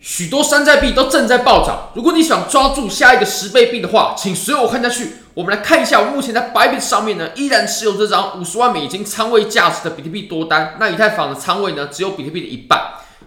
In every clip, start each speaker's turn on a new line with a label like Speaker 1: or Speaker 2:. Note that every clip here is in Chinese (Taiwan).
Speaker 1: 許多山寨幣都正在暴漲。如果你想抓住下一個十倍幣的話，請隨我看下去。我們來看一下，我目前在 Bybit 上面呢，依然持有這張五十萬美金倉位價值的比特幣多單。那以太坊的倉位呢，只有比特幣的一半。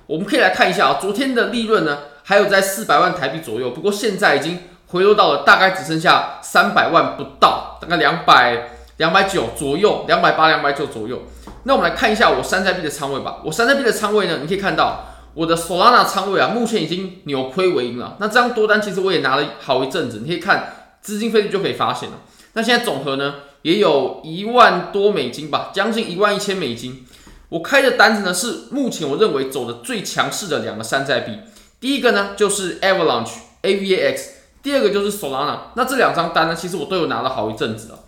Speaker 1: 我們可以來看一下啊，昨天的利潤呢，還有在四百萬台幣左右。不過現在已經回落到了大概只剩下三百萬不到，大概兩百兩百九左右，兩百八兩百九左右。那我們來看一下我山寨幣的倉位吧。我山寨幣的倉位呢，你可以看到。我的 Solana 倉位啊，目前已經扭虧為盈了。那這張多單其實我也拿了好一陣子，你可以看資金費率就可以發現了。那現在總和呢，也有一萬多美金吧，將近一萬一千美金。我開的單子呢，是目前我認為走的最強勢的兩個山寨幣。第一個呢就是 Avalanche AVAX，第二個就是 Solana。那這兩張單呢，其實我都有拿了好一陣子了。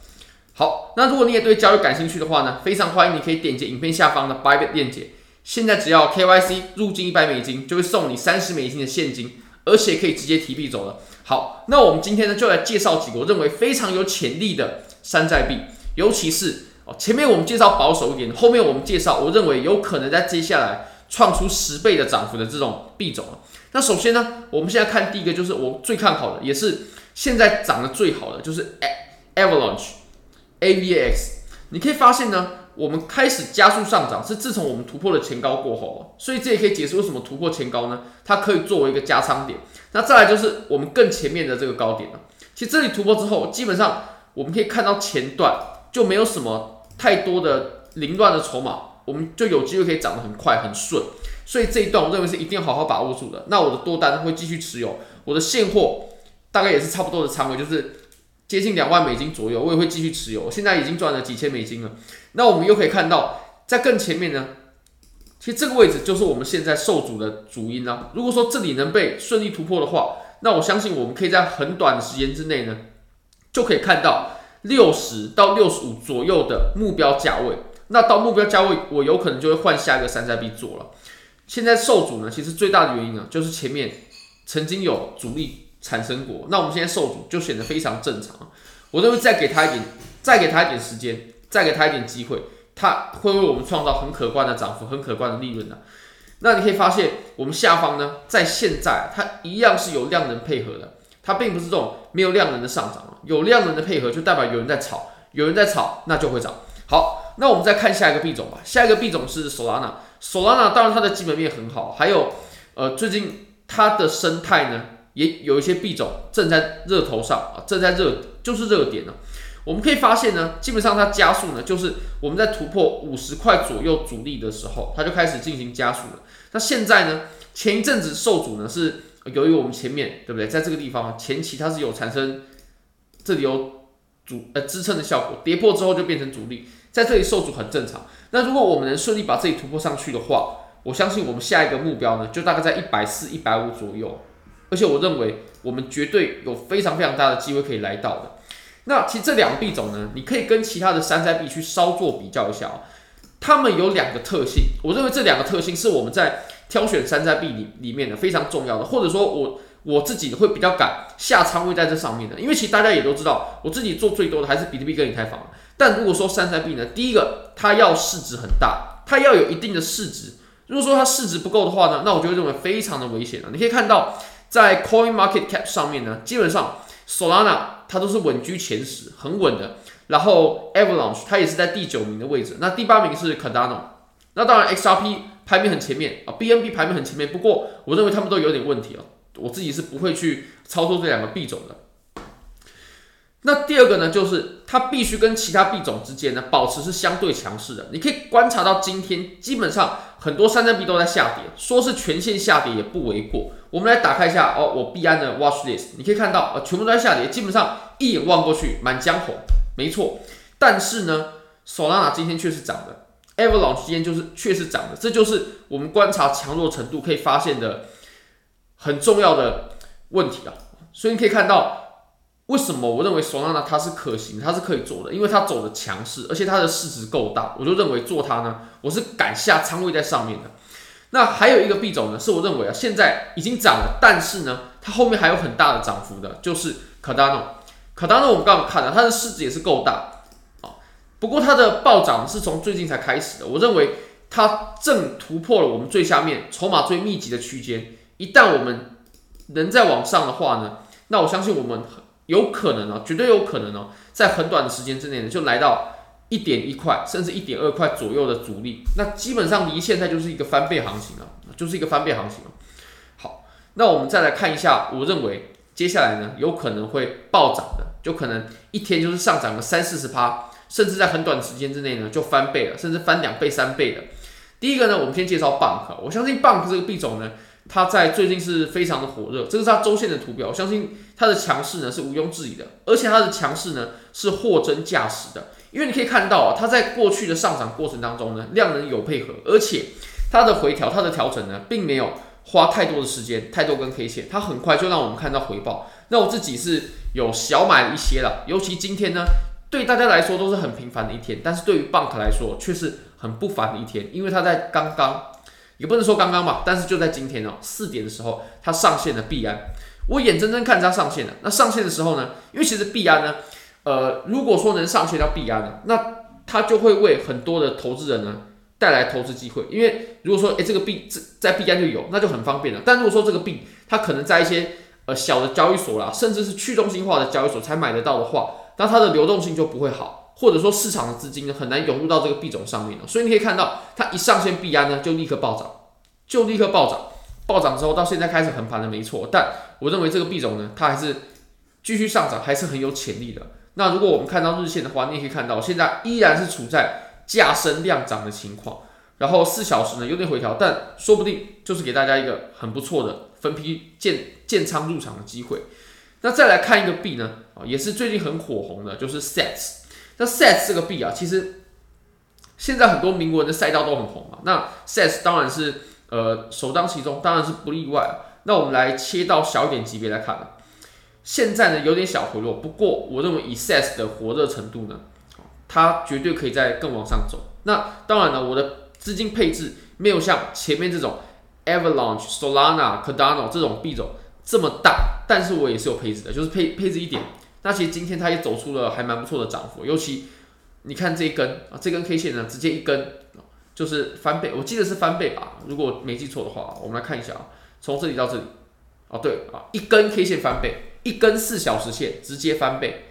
Speaker 1: 好，那如果你也對交易感興趣的話呢，非常歡迎你可以點擊影片下方的 Bybit 鏈接。現在只要 KYC 入金一百美金，就會送你三十美金的現金，而且可以直接提幣走了。好，那我們今天呢，就來介紹幾個我認為非常有潛力的山寨幣，尤其是哦，前面我們介紹保守一點，後面我們介紹我認為有可能在接下來創出十倍的漲幅的這種幣種。那首先呢，我們現在看第一個就是我最看好的，也是現在漲得最好的，就是 A Avalanche A V A X。你可以發現呢。我們開始加速上漲，是自從我們突破了前高過後。所以這也可以解釋為什麼突破前高呢？它可以作為一個加倉點。那再來就是我們更前面的這個高點了。其實這裡突破之後，基本上我們可以看到前段就沒有什麼太多的凌亂的籌碼，我們就有機會可以漲得很快很順。所以這一段我認為是一定要好好把握住的。那我的多單會繼續持有，我的現貨大概也是差不多的倉位，就是。接近兩萬美金左右，我也會繼續持有。現在已經賺了幾千美金了。那我們又可以看到，在更前面呢，其實這個位置就是我們現在受阻的主因啊。如果說這裡能被順利突破的話，那我相信我們可以在很短的時間之內呢，就可以看到六十到六十五左右的目標價位。那到目標價位，我有可能就會換下一個山寨幣做了。現在受阻呢，其實最大的原因呢，就是前面曾經有阻力。產生果，那我們現在受阻就顯得非常正常。我都會再給他一點，再給他一點時間，再給他一點機會，他會為我們創造很可觀的漲幅，很可觀的利潤的啊。那你可以發現，我們下方呢，在現在它一樣是有量能配合的，它並不是這種沒有量能的上漲，有量能的配合，就代表有人在炒，有人在炒，那就會漲。好，那我們再看下一個幣種吧。下一個幣種是 Solana，Solana Solana 當然它的基本面很好，還有呃最近它的生態呢。也有一些幣種正在熱頭上啊，正在熱就是熱點呢。我們可以發現呢，基本上它加速呢，就是我們在突破五十塊左右阻力的時候，它就開始進行加速了。那現在呢，前一陣子受阻呢，是由於我們前面，對不對？在這個地方前期它是有產生這裡有阻呃支撐的效果，跌破之後就變成阻力，在這裡受阻很正常。那如果我們能順利把這裡突破上去的話，我相信我們下一個目標呢，就大概在一百四、一百五左右。而且我認為我們絕對有非常非常大的機會可以來到的。那其實這兩個幣種呢，你可以跟其他的山寨幣去稍作比較一下哦。它們有兩個特性，我認為這兩個特性是我們在挑選山寨幣裡裡面的非常重要的。或者說我，我我自己會比較敢下倉位在這上面的。因為其實大家也都知道，我自己做最多的還是比特幣跟以太坊。但如果說山寨幣呢，第一個它要市值很大，它要有一定的市值。如果說它市值不夠的話呢，那我就會認為非常的危險了。你可以看到，在 Coin Market Cap 上面呢，基本上 Solana 它都是穩居前十，很穩的。然後 Avalanche 它也是在第九名的位置。那第八名是 Cardano。那當然 XRP 排名很前面啊，BNB 排名很前面。不過我認為他們都有點問題啊、哦，我自己是不會去操作這兩個幣種的。那第二個呢，就是它必須跟其他幣種之間呢保持是相對強勢的。你可以觀察到今天基本上很多山寨幣都在下跌，說是全線下跌也不為過。我們來打開一下哦，我必安的 Watchlist，你可以看到啊、呃，全部都在下跌，基本上一眼望過去滿江紅，沒錯。但是呢，索拉娜今天確實漲的，Avalanche 今天就是確實漲的，這就是我們觀察強弱程度可以發現的很重要的問題啊。所以你可以看到，為什麼我認為索拉娜它是可行，它是可以做的，因為它走的強勢，而且它的市值夠大，我就認為做它呢，我是敢下倉位在上面的。那還有一個幣種呢，是我認為啊，現在已經漲了，但是呢，它後面還有很大的漲幅的，就是 Cardano。Cardano 我們剛剛看了，它的市值也是夠大啊，不過它的暴漲是從最近才開始的。我認為它正突破了我們最下面籌碼最密集的區間，一旦我們能再往上的話呢，那我相信我們有可能啊，絕對有可能哦，在很短的時間之內就來到，一點一塊，甚至一點二塊左右的阻力，那基本上離現在就是一個翻倍行情了，就是一個翻倍行情了。好，那我們再來看一下，我認為接下來呢有可能會暴漲的，就可能一天就是上漲個三四十趴，甚至在很短的時間之內呢就翻倍了，甚至翻兩倍、三倍的。第一個呢，我們先介紹 BONK，我相信 BONK 這個幣種呢，它在最近是非常的火熱，這是它周線的圖表，我相信它的強勢呢是毋庸置疑的，而且它的強勢呢是貨真價實的。因為你可以看到啊，它在過去的上漲過程當中呢，量能有配合，而且它的回調、它的調整呢，並沒有花太多的時間、太多根 K 線，它很快就讓我們看到回報。那我自己是有小買一些了，尤其今天呢，對大家來說都是很平凡的一天，但是對於 BONK 來說卻是很不凡的一天，因為它在剛剛也不能說剛剛吧，但是就在今天哦，四點的時候，它上線了幣安，我眼睜睜看著它上線了。那上線的時候呢，因為其實幣安呢。呃，如果說能上線到幣安呢，那它就會為很多的投資人呢帶來投資機會。因為如果說，哎，這個幣在在幣安就有，那就很方便了。但如果說這個幣它可能在一些呃小的交易所啦，甚至是去中心化的交易所才買得到的話，那它的流動性就不會好，或者說市場的資金呢很難湧入到這個幣種上面了。所以你可以看到，它一上線幣安呢就立刻暴漲，就立刻暴漲。暴漲之後到現在開始橫盤的沒錯，但我認為這個幣種呢它還是繼續上漲，還是很有潛力的。那如果我們看到日線的話，你也可以看到，現在依然是處在價升量漲的情況。然後四小時呢有點回調，但說不定就是給大家一個很不錯的分批建建倉入場的機會。那再來看一個幣呢，啊，也是最近很火紅的，就是 Sats。那 Sats 這個幣啊，其實現在很多銘文的賽道都很紅嘛，那 Sats 當然是呃首當其衝，當然是不例外啊。那我們來切到小一點級別來看。現在呢有點小回落，不過我認為 e s h e s s 的火熱程度呢，它絕對可以再更往上走。那當然了，我的資金配置沒有像前面這種 Avalanche、Solana、Cardano 這種幣種這麼大，但是我也是有配置的，就是配配置一點。那其實今天它也走出了還蠻不錯的漲幅，尤其你看這一根啊，這根 K 線呢，直接一根就是翻倍，我記得是翻倍吧，如果我沒記錯的話，我們來看一下啊，從這裡到這裡，哦、啊、對啊，一根 K 線翻倍。一根四小時線直接翻倍，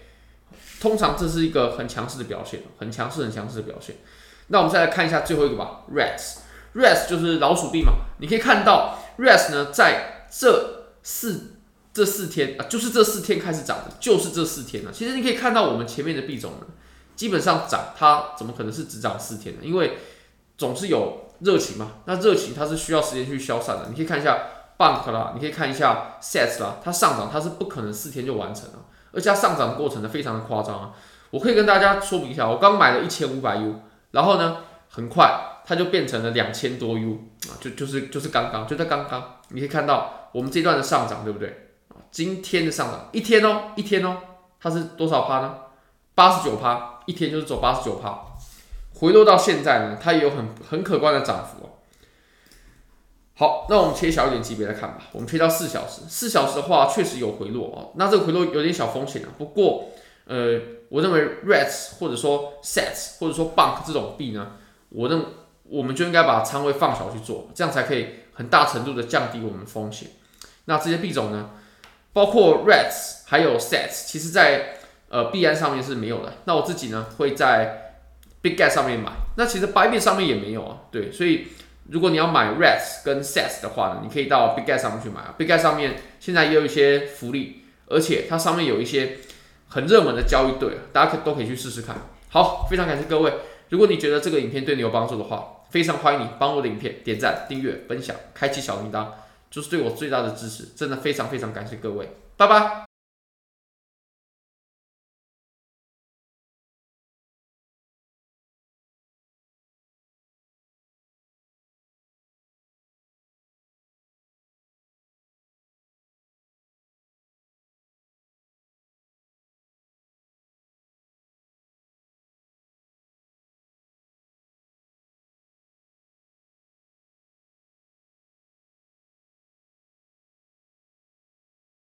Speaker 1: 通常這是一個很強勢的表現，很強勢、很強勢的表現。那我們再來看一下最後一個吧，RATS，RATS Rats 就是老鼠幣嘛。你可以看到 RATS 呢，在這四這四天啊，就是這四天開始漲的，就是這四天了。其實你可以看到我們前面的幣種呢，基本上漲，它怎麼可能是只漲四天呢？因為總是有熱情嘛，那熱情它是需要時間去消散的。你可以看一下。BONK 啦，你可以看一下 SATS 啦，它上漲它是不可能四天就完成了，而且它上漲過程呢非常的誇張啊。我可以跟大家說明一下，我剛買了一千五百 U，然後呢，很快它就變成了兩千多 U 啊，就是、就是就是剛剛就在剛剛，你可以看到我們這段的上漲，對不對？今天的上漲一天哦一天哦，它是多少趴呢？八十九趴，一天就是走八十九趴，回落到現在呢，它也有很很可觀的漲幅。好，那我們切小一點級別來看吧。我們切到四小時，四小時的話確實有回落哦、喔。那這個回落有點小風險啊。不過，呃，我認為 RATS 或者說 SATS 或者說 BONK 這種幣呢，我認我們就應該把倉位放小去做，這樣才可以很大程度的降低我們風險。那這些幣種呢，包括 RATS 還有 SATS，其實在呃幣安上面是沒有的。那我自己呢會在 Bitget 上面買。那其實 Bybit 上面也沒有啊。對，所以。如果你要買 RATS 跟 SATS 的話呢，你可以到 Bitget 上面去買啊，Bitget 上面現在也有一些福利，而且它上面有一些很熱門的交易對，大家可都可以去試試看。好，非常感謝各位，如果你覺得這個影片對你有幫助的話，非常歡迎你幫我的影片點贊、訂閱、分享、開啟小鈴鐺，就是對我最大的支持，真的非常非常感謝各位，拜拜。